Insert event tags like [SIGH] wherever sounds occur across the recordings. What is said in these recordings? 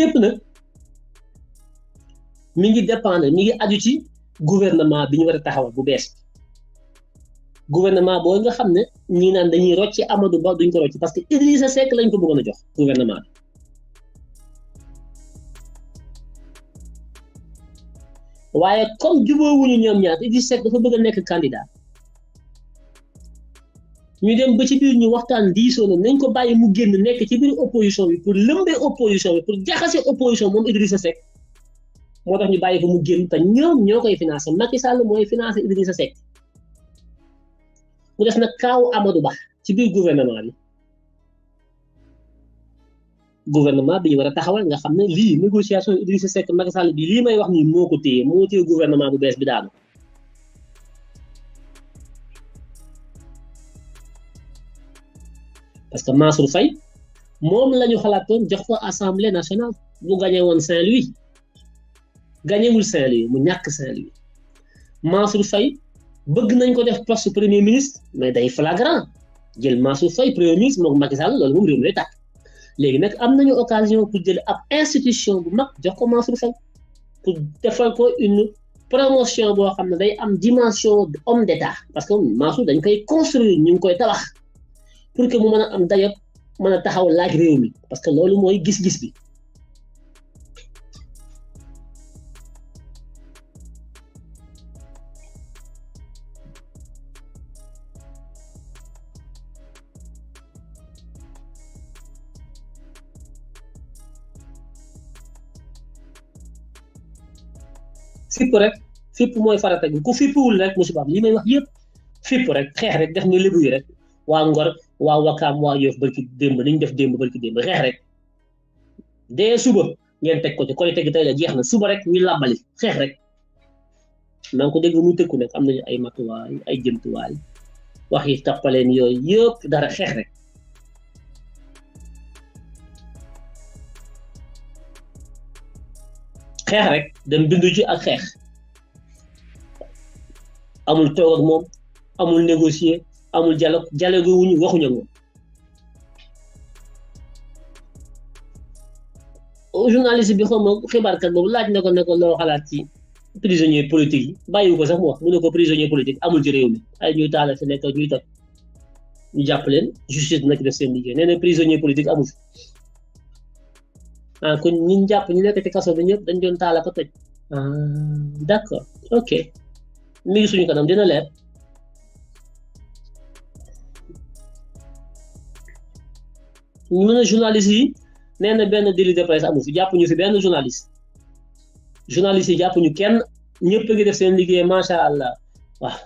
lépp nag mi ngi dépendre mi ngi aju ci gouvernement bi ñu war a taxawal bu bees gouvernement boobu nga xam ne ñii naan dañuy rocci Amadou Ba duñ ko rocci parce que Idrissa Seck lañ ko bëggoon a jox gouvernement bi waaye comme jubóowuñu ñoom ñaar Idrissa Seck dafa bëgg a nekk candidat. ñuy dem ba ci biir ñu waxtaan diisoo na nañ ko bàyyi mu génn nekk ci biir opposition bi pour lëmbee opposition bi pour jaxase opposition moom Idrissa Seck moo tax ñu bàyyi ko mu génn te ñoom ñoo koy financé Macky Sall mooy financé Idrissa Seck mu def nag kaaw Amadou Ba ci biir gouvernement bi gouvernement bi ñu war a taxawal nga xam ne lii négociation Idrissa Seck Macky Sall bi lii may wax nii moo ko téye moo téye gouvernement bu bees bi daal parce que Mansour Faye mom lañu ñu jox ko assemblée nationale bu gagné won Saint-Louis gagné wul Saint-Louis mu ñàkk Saint-Louis Mansour Faye bëgg nañ ko def poste premier ministre mais day flagrant jël Mansour Faye premier ministre moom Macky Sall loolu moom réew mi lay tàkk Les nag am nañu occasion pour jël ab institution bu mag jox ko Mansour pour defal ko une promotion de la day am dimension homme d'état parce que Mansour dañ koy construire ñu koy pour que mu mën a am dayop mën a taxaw laaj réew mi parce que loolu mooy gis-gis bi fipp rek fipp mooy farata gi ku fippuwul rek musibaam li may wax yëpp fipp rek xeex rek def ni libu yi rek waa Ngor waa Wakaam waa Yoff barki démb li ñu def démb barki démb xeex rek dee suba ngeen teg ko ci koy teg tey jeex na suba rek ñu làbbali xeex rek maa ngi ko dégg mu am nañu ay matuwaay ay jëmtuwaay wax yi tappaleen yooyu yëpp dara xeex rek xeex rek dem bindu ci ak xeex amul toog ak moom amul négocier amul dialogue dialogue wuñu waxuñu ak moom journaliste bi xaw ma xibaarkat boobu laaj na ko ne ko loo xalaat ci prisonnier politique yi bàyyiwu ko sax mu wax mu ne ko prisonnier politique amul ci réew mi ay ñuy taala fi nekk ñuy toj ñu jàpp leen justice nag def seen liggéey nee na prisonnier politique amul ah kon ñi ñu jàpp ñu nekk ci kaso bi ñëpp dañ doon taala ko toj ah ok mi ngi suñu kanam dina leer ñu mën a journaliste yi nee na benn délit de presse amu fi jàpp ñu fi benn journaliste journaliste yi jàpp ñu kenn ñëpp a def seen liggéey macha allah waaw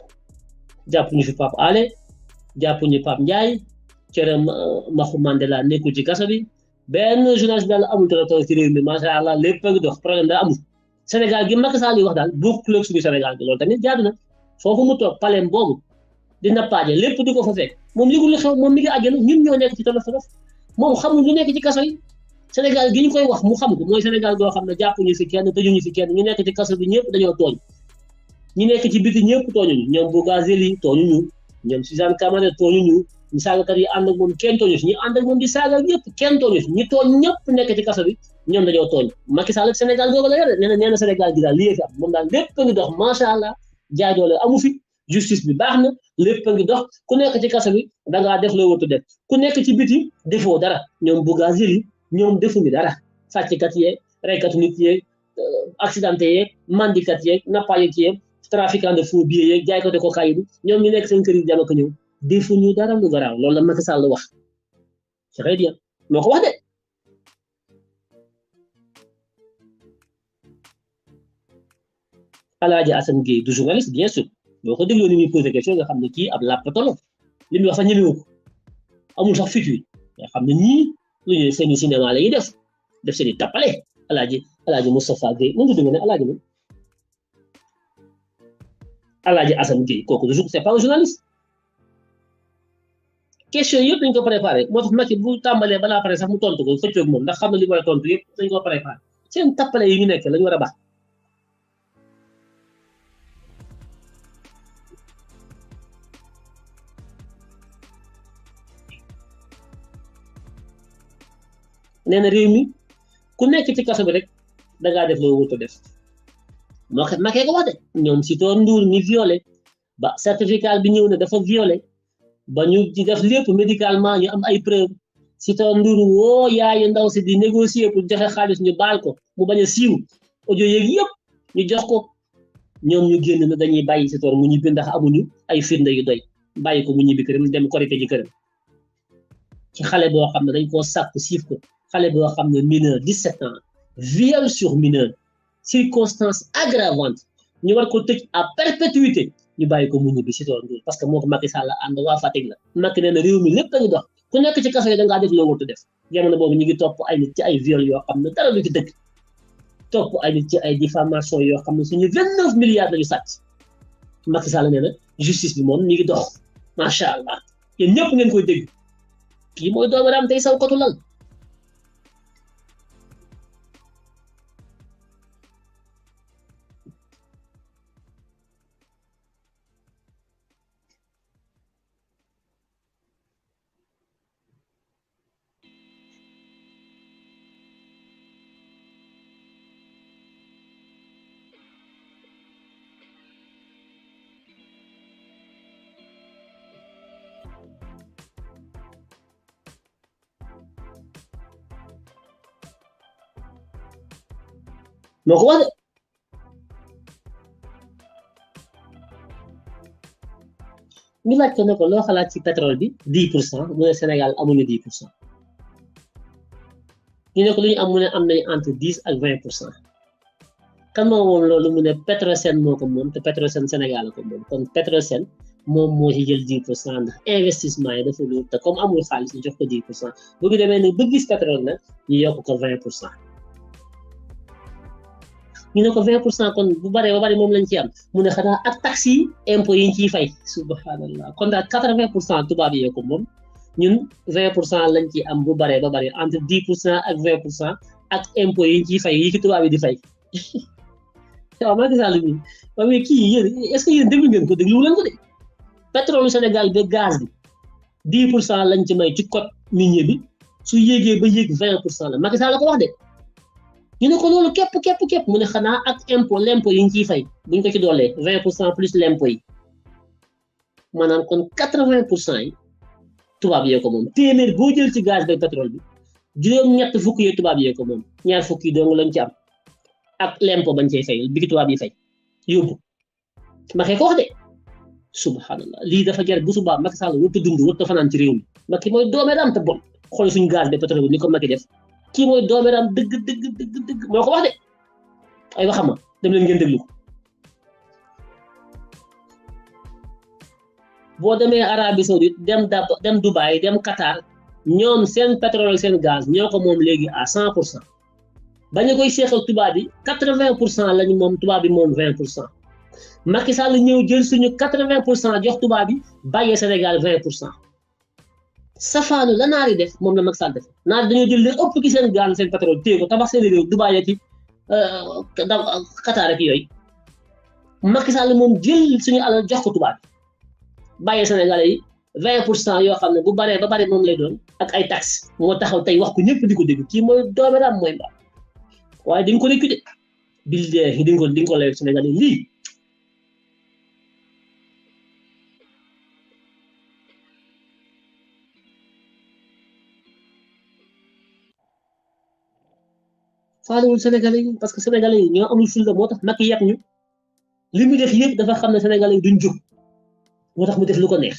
jàpp ñu fi Pape Alé jàpp ñu Pape njaay Cere Maxu Mandela nekku ci kaso bi benn journaliste daal amul territoire ci réew mi macha allah lépp a ngi dox problème daa amul Sénégal gi Macky Sall wax daal bokkul ak suñu Sénégal gi loolu tamit jaadu na foofu mu toog palem boobu di nappaaje lépp di ko fa fekk moom moom mi ngi àjjana ñun ñoo nekk moom xamul ñu nekk ci kaso yi Sénégal gi ñu koy wax mu xam ko mooy Sénégal goo xam ne jàppuñu fi kenn tëjuñu fi kenn ñu nekk ci kaso bi ñëpp dañoo tooñ ñu nekk ci biti ñëpp tooñuñu ñoom Bougazelli tooñuñu ñoom Suzanne Camara tooñuñu ñu saagakat yi ànd ak moom kenn tooñu si ñu ànd ak ñëpp kenn tooñu si ñu tooñ ñëpp nekk ci kaso bi ñoom dañoo tooñ Macky Sall Sénégal googu la yore nee na nee na Sénégal gi daal lii am moom daal lépp ngi dox macha allah jaajoole amu fi justice bi baax na lépp a ngi dox ku nekk ci kaso bi da ngaa def loo wërtu def ku nekk ci biti defoo dara ñoom bugaazir yi ñoom defuñu dara sàcckat yeeg reykatu nit yeeg euh, accidenté yeeg mandikat yeeg nappaayeeg yeeg trafiquant de faux billets ko jaaykate cocaïne ñoom nekk seen kër yi jama ko ñëw defuñu dara lu garaaw loolu la Macky Sall wax très bien moo ko wax de. Alaaji Assane Gueye du journaliste bien sûr. boo ko dégloo ni muy posé question nga xam ne kii ab la li muy wax sax ñëmewu ko amul sax futur nga xam ne ñii lu ñuy seen i cinéma def def seen i alaaj alaaji alaaji Moustapha Guèye nan la dégg ne alaaji moom alaaji Assane Guèye kooku toujours c'est pas un journaliste question yëpp dañu ko préparé moo tax balaa pare sax mu tontu ko fëccoog moom ndax xam na li war a tontu yëpp dañu ko préparé seen tappale yi ñu nekk la war a baax nee réew mi ku nekk ci kaso bi rek da ngaa def loo wut a def moo xam makee wax de ñoom si toor nduur ñi violé ba certificat bi ñëw ne dafa violé ba ñu ci def lépp médicalement ñu am ay preuve si toor nduur woo yaayu ndaw si di négocier pour joxe xaalis ñu baal ko mu bañ a siiw audio yeeg ñu jox ko ñoom ñu génn na dañuy bàyyi si toor mu ñibbi ndax amuñu ay firnde yu doy bàyyi ko mu ñibbi këram dem korite ji këram ci xale boo xam ne dañ koo sàkku siif ko xale boo xam ne mineur 17 ans viol sur mineur circonstance aggravante ñu war ko tëj à perpétuité ñu bàyyi ko mu ñibbi si tool bi parce que moo ko Macky Sall ànd waa Fatick la Macky nee na réew mi lépp lañu dox ku nekk ci kaso yi da ngaa def loo warut def jamono boobu ñu ngi topp ay nit ci ay viol yoo xam ne dara du ci dëkk topp ay nit ci ay diffamation yoo xam ne suñu 29 milliards lañu sàcc Macky Sall nee na justice bi moom ñu ngi dox macha allah yéen ñëpp ngeen koy dégg kii mooy doomu raam tey saw kotu lal Mais roi. De... ñu laaj ko ne ko loo xalaat ci pétrole bi dix pour cent mu ne Sénégal amuñu dix pour cent ñu ne ko lu ñu am mu ne am nañ entre dix ak vingt pour cent kan moo moom loolu mu ne Petrosen moo ko moom te Petrosen Sénégal la ko moom kon Petrosen moom moo ci jël dix pour cent yi dafa te comme amul xaalis ñu jox ko dix pour cent bu ñu demee ne ba pétrole nag ñu yokk ko vingt pour cent. ñu ne ko vingt pour cent kon bu baree ba bari moom lañ ci am mu ne xanaa ak taxes yi yi ñu ciy fay subhanallah kon daal 80 pour cent tubaab yee ko moom ñun 20 pour cent lañ ci am bu baree ba bari entre 10 pour cent ak 20 pour yi ñu ciy fay yi ki tubaab yi di fay [LAUGHS] waaw Macky Sall kii yéen est-ce ko dégluwu leen ko de pétrole Sénégal ba gaz bi 10 pour cent lañ ci may ci code minier bi su yéegee ba yéeg 20 pour cent la Macky Sall la ko wax de. ñu ne ko loolu képp képp képp mu ne xanaa ak impôt lempo yi ñu ciy fay buñ ko ci doolee vingt pour cent plus l'impôt yi maanaam kon quatre vingt pour cent yi tubaab yee ko moom téeméer boo jël ci gaz ba bi juróom-ñett fukk yi tubaab yee ko moom ñaar fukk yi dong lañ ci ak l'impôt bañ cey fay bi tubaab yi fay yóbbu maxee ko wax de subhanallah lii dafa jar bu subaa Macky Sall wut a dund wut a fanaan ci réew mi Macky mooy doomee daam bon xool suñu gaz ba pétrole bi ni ko ma Macky def qui mooy doomeram dëgg dëgg dëgg dëgg moo wax de ay dem Arabie Saoudite dem Dubaï dem Qatar pétrole gaz ñoo ko à 100%. pour cent bañu koy seexal tubaab bi 80 lañu bi Sénégal 20%. safaanu la naar yi def moom na Macky Sall def naar dañoo jël li ëpp ci seen gaal seen pétrole téye ko tabax seen réew Dubaay ak euh, Qatar ak yooyu Macky Sall moom jël suñu alal jox ko tubaab bi bàyyi Sénégalais yi vingt pour cent yoo xam ne bu baree ba bare moom lay doon ak ay taxes moo taxaw tey wax ko ñëpp di ko dégg kii mooy doomeraam mooy mbaam waaye dañ ko récupéré billaahi dañ ko dañ ko lay Sénégalais lii faalewul sénégalais yi parce que sénégalais yi ñoo amul fulla moo tax Macky yàpp ñu li mu def yëpp dafa xam ne sénégalais yi duñ jóg moo tax mu def lu ko neex